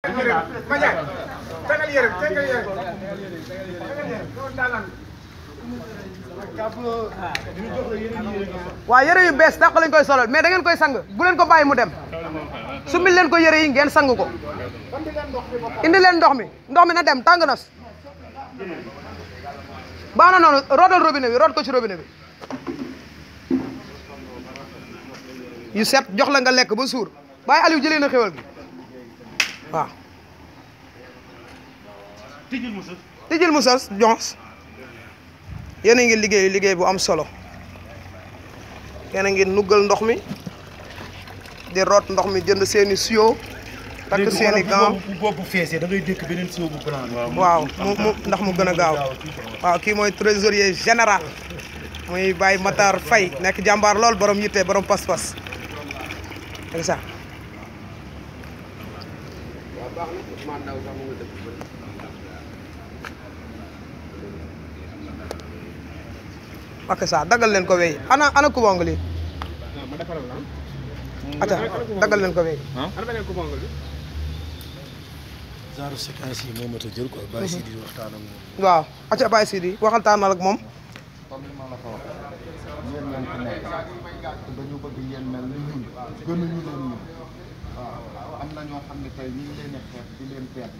waa jaay yu bees dàq lañ koy solal mais da ngeen koy sang bu ko bàyyi mu dem sumbil leen ko yére yi ngeen sang ko indi leen ndox mi ndox mi na dem tàng na baax na noonu roodal robinet bi rood ko ci robinet bi yu set jox la nga lekk ba suur bàyyi Aliou jëlee na xéwal gi waaw. tijjil musal. tijjil a ngi liggéey liggéey bu am solo yéen a ngi nuggal ndox mi di root ndox mi jënd seeni siyo takk seeni gants bu boobu feesee da ngay waaw mu mu ndax mu gën a gaaw waaw kii mooy trésorier général muy Baye Matar Faye nekk jàmbaar lool borom yitte borom pas-pas. baax na Ousmane leen ko wey ana leen ko wey ana beneen ku bongali genre mhm. waaw aca Baye Sidi waxaltaanal ak moom am na ñoo xam ne tey ñu ngi leen a xeex di leen peet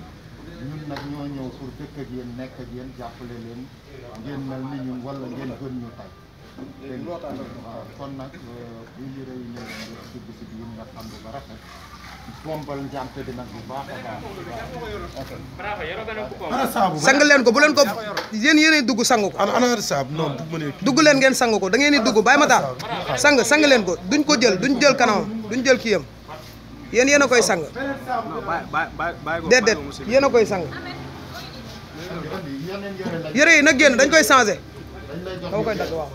ñun nag ñoo ñëw pour dëkk ak yéen nekk ak yéen jàppale leen ngeen mel ni ñun wala ngeen gën ñu tey léegi loo tax waaw kon nag euh, bu ñu réunion ngir dugg si biir nga xam lu ba rafet bombal njàmpe bi nag bu baax a baax sang leen ko bu leen ko yéen yéenay dugg sang ko ana ana saabu non dugg dugg leen ngeen sang ko da ngeen di dugg bàyyi ma taal sang sang leen ko duñ ko jël duñ jël kanamam duñ jël kiyam yéen yéen a koy sang. déedéet yéen a koy sang. yére yi nag génn dañ koy changé. dama koy dagg waaw.